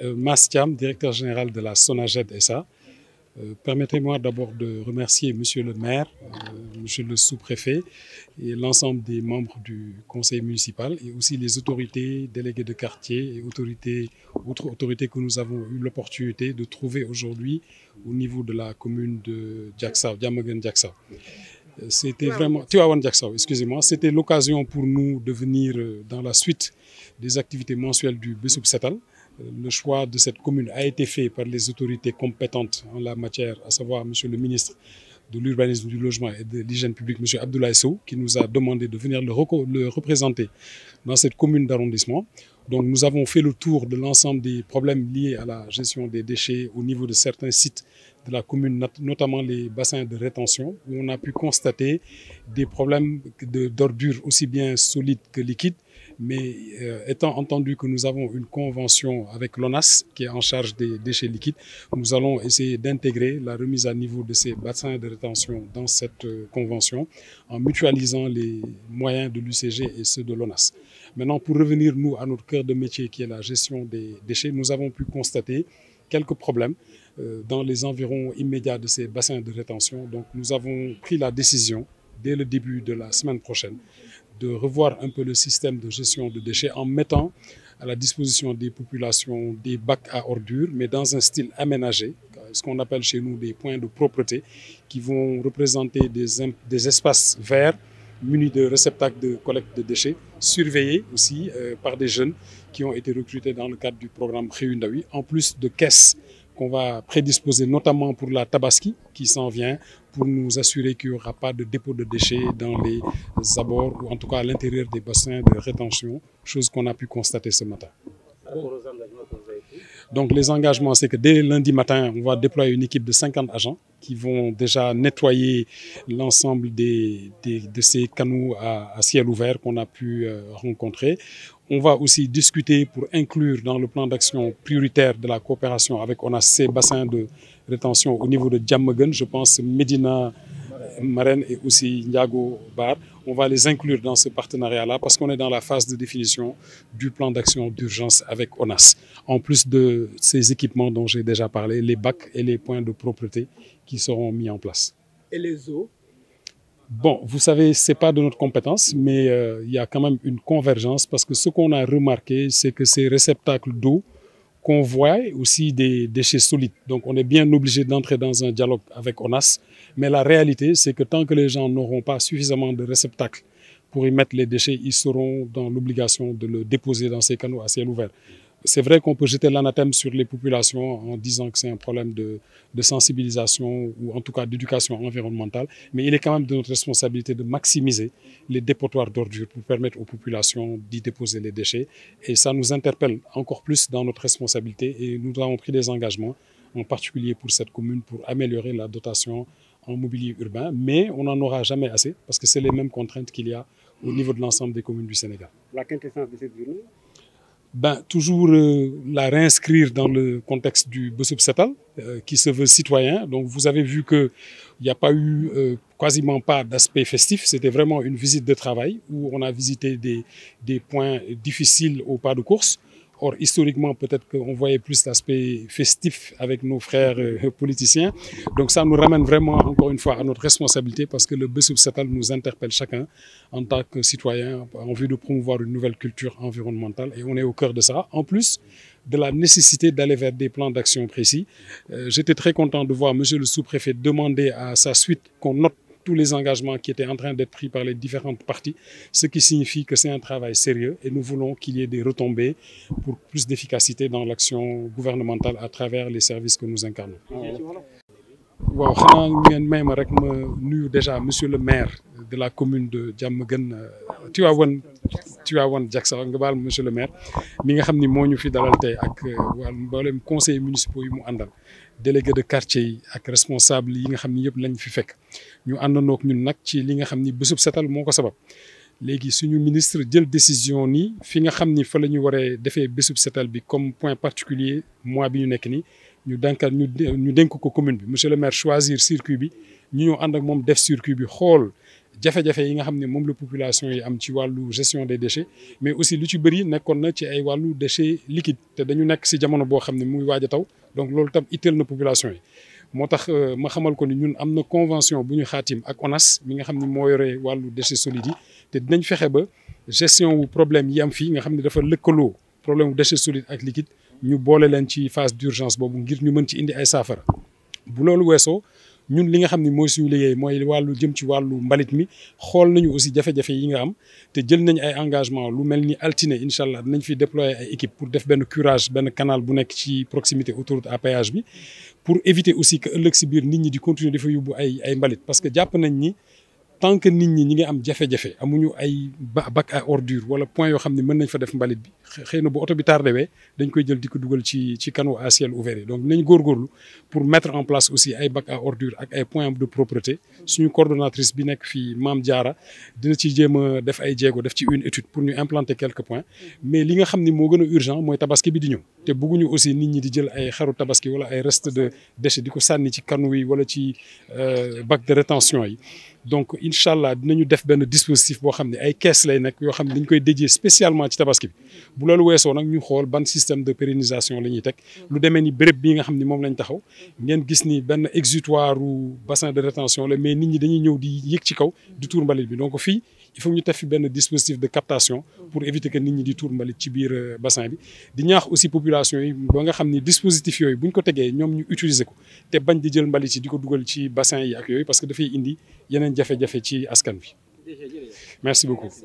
Euh, Mass directeur général de la Sonaged SA. Euh, Permettez-moi d'abord de remercier Monsieur le maire, euh, Monsieur le sous-préfet et l'ensemble des membres du conseil municipal et aussi les autorités, délégués de quartier et autorités, autres autorités que nous avons eu l'opportunité de trouver aujourd'hui au niveau de la commune de Diaksao, Diamagen Diaksao. Euh, C'était vraiment, Tiwawan Diaksao, excusez-moi. C'était l'occasion pour nous de venir euh, dans la suite des activités mensuelles du Bessoub Setal. le choix de cette commune a été fait par les autorités compétentes en la matière, Monsieur le ministre de l'urbanisme, du logement et de l'hygiène publique, M. Abdoulaye Sow, qui nous a demandé de venir le, le représenter dans cette commune d'arrondissement. Donc nous avons fait le tour de l'ensemble des problèmes liés à la gestion des déchets au niveau de certains sites de la commune, notamment les bassins de rétention, où on a pu constater des problèmes aussi bien solides que Mais euh, étant entendu que nous avons une convention avec l'ONAS qui est en charge des déchets liquides, nous allons essayer d'intégrer la remise à niveau de ces bassins de rétention dans cette euh, convention en mutualisant les moyens de l'UCG et ceux de l'ONAS. Maintenant, pour revenir nous à notre cœur de métier qui est la gestion des déchets, nous avons pu constater quelques problèmes euh, dans les environs immédiats de ces bassins de rétention. Donc nous avons pris la décision dès le début de la semaine prochaine de revoir un peu le système de gestion de déchets en mettant à la disposition des populations des bacs à ordures, mais dans un style aménagé, ce qu'on appelle chez nous des points de propreté, qui vont représenter des, des espaces verts munis de réceptacles de collecte de déchets, surveillés aussi euh, par des jeunes qui ont été recrutés dans le cadre du programme Réunawi, en plus de caisses qu'on va prédisposer notamment pour la Tabaski qui s'en vient pour nous assurer qu'il n'y aura pas de dépôt de déchets dans les abords ou en tout cas à l'intérieur des bassins de rétention, chose qu'on a pu constater ce matin. Donc les engagements, c'est que dès lundi matin, on va déployer une équipe de 50 agents qui vont déjà nettoyer l'ensemble de ces canaux à, ciel ouvert qu'on a pu euh, rencontrer. On va aussi discuter pour inclure dans le plan d'action prioritaire de la coopération avec, on a ces bassins de rétention au niveau de Djamagun, je pense Médina, Marraine et aussi Ndiago Bar, on va les inclure dans ce partenariat-là parce qu'on est dans la phase de définition du plan d'action d'urgence avec ONAS. En plus de ces équipements dont j'ai déjà parlé, les bacs et les points de propreté qui seront mis en place. Et les eaux Bon, vous savez, ce n'est pas de compétence, mais euh, il a une convergence parce que ce qu'on a remarqué, c'est que ces réceptacles d'eau qu'on aussi des déchets solides. Donc on est bien obligé d'entrer dans un dialogue avec ONAS Mais la réalité, c'est que tant que les gens n'auront pas suffisamment de réceptacles pour y mettre les déchets, ils seront dans l'obligation de le déposer dans ces canaux à ciel ouvert. C'est vrai qu'on peut jeter l'anathème sur les populations en disant que c'est un problème de, de, sensibilisation ou en tout cas d'éducation environnementale, mais il est quand même de notre responsabilité de maximiser les dépotoirs d'ordures pour permettre aux populations d'y déposer les déchets. Et ça nous interpelle encore plus dans notre responsabilité et nous avons pris des engagements, en particulier pour cette commune, pour améliorer la dotation en mobilier urbain, mais on n'en aura jamais assez parce que c'est les mêmes contraintes qu'il y a au niveau de l'ensemble des communes du Sénégal. La quintessence de cette journée ben, Toujours euh, la réinscrire dans le contexte du Bessoub Sepal, euh, qui se veut citoyen. Donc vous avez vu qu'il n'y a pas eu euh, quasiment pas d'aspect festif, c'était vraiment une visite de travail où on a visité des, des points difficiles au pas de course Or, historiquement, peut-être qu'on voyait plus l'aspect festif avec nos frères euh, politiciens. Donc ça nous ramène vraiment, encore une fois, à notre responsabilité parce que le Bessoub Setal nous interpelle chacun en tant que citoyen en vue de promouvoir une nouvelle culture environnementale et on est au cœur de ça. En plus de la nécessité d'aller vers des plans d'action précis, euh, j'étais très content de voir Monsieur le sous-préfet demander à sa suite qu'on note tous les engagements qui étaient en train d'être pris par les différentes parties, ce qui signifie que c'est un travail sérieux et nous voulons qu'il y ait des retombées pour plus d'efficacité dans l'action gouvernementale à travers les services que nous incarnons. ma déjà monsieur le maire de la commune de Diamaguène euh, Tivaouane Tivaouane Diacksao nga baal monsieur le maire mi nga xam ni moo ñu fi dalal tey ak euh, wàllum mboolem conseil municipaux yi mu àndal délégué de quartier yi ak responsable yi nga xam ni yëpp lañ fi fekk ñu àndandoo ak ñun nag ci li nga xam ni bésub setal moo ko sabab léegi suñu ministre jël décision ni fi nga xam ni fa la ñu waree defee bésub setal bi comme point particulier mois bi ñu nekk ni ñu dànkal ñu ñu dénk ko commune bi monsieur le maire choisir circuit bi ñu ñëw ànd ak moom def circuit bi xool jafe-jafe yi nga xam ne moom la population yi am ci wàllu gestion des déchets mais aussi lu ci bëri nekkoon na ci ay wàllu déchets liquide te dañu nekk si jamono boo xam ne muy waaja taw donc loolu tam itteel na population yi moo tax euh, ma xamal ko ni ñun am na convention bu ñu xaatim ak ONAS mi nga xam ne moo yore wàllu déchets solides yi te dinañ fexe ba gestion wu problème yi am fii nga xam ne dafa lëkkaloo problème wu déchets solides ak liquide ñu boole leen ci phase d'urgence boobu ngir ñu mën ci indi ay saafara bu ñun li nga xam ne mooy suñu liggéey mooy wàllu jëm ci wàllu mbalit mi xool nañu aussi jafe-jafe yi nga am te jël nañu ay engagement lu mel ni altine incha allah dinañ fi déployer ay équipe pour def benn curage benn canal bu nekk ci proximité autoroute à péage bi pour éviter aussi que ëllëg si biir nit ñi di continuer di fa yóbbu ay ay mbalit parce que jàpp nañ ni tant que nit ñi ñi ngi am jafe-jafe amuñu ay bac à ordure wala point yoo xam ne mën nañ fa def mbalit bi xëy na bu oto bi tardé wee dañ koy jël di ko dugal ci ci canaux à ciel ouvert yi donc nañ góorgóorlu pour mettre en place aussi ay bac à ordure ak ay point de propreté suñu coordonnatrice bi nekk fii maam jaara dina ci jéem a def ay jéego def ci une étude pour ñu implanter quelques points mais li nga xam ni moo gën a urgent mooy tabaski bi di ñëw te bëgguñu aussi nit ñi di ay xaru tabaski wala ay reste de déchets di ko sànni ci canaux yi wala ci euh, bac de yi incha allah dinañu def benn dispositif boo xam ne ay caisse lay nekk yoo xam ne dañ koy dédié spécialement ci tabaski bi bu loolu weesoo nag ñu xool ban système de pérennisation la ñuy teg lu demee ni béréb bi nga xam ne moom lañ taxaw ngeen gis ni benn exutoire ou bassin de rétention la mais nit ñi dañuy ñëw di yéeg ci kaw di tuur mbalit bi donc fii il faut ñu tef fi benn dispositif de captation pour éviter que nit ñi di tuur mbalit ci biir euh, bassin bi di ñaax aussi yi ba nga xam ni dispositif yooyu buñ ko tegee ñoom ñu utiliser ko te bañ jël mbalit yi di ko dugal ci bassin yi ak yooyu parce que dafay indi yeneen jafe defee ci askan bi merci beaucoup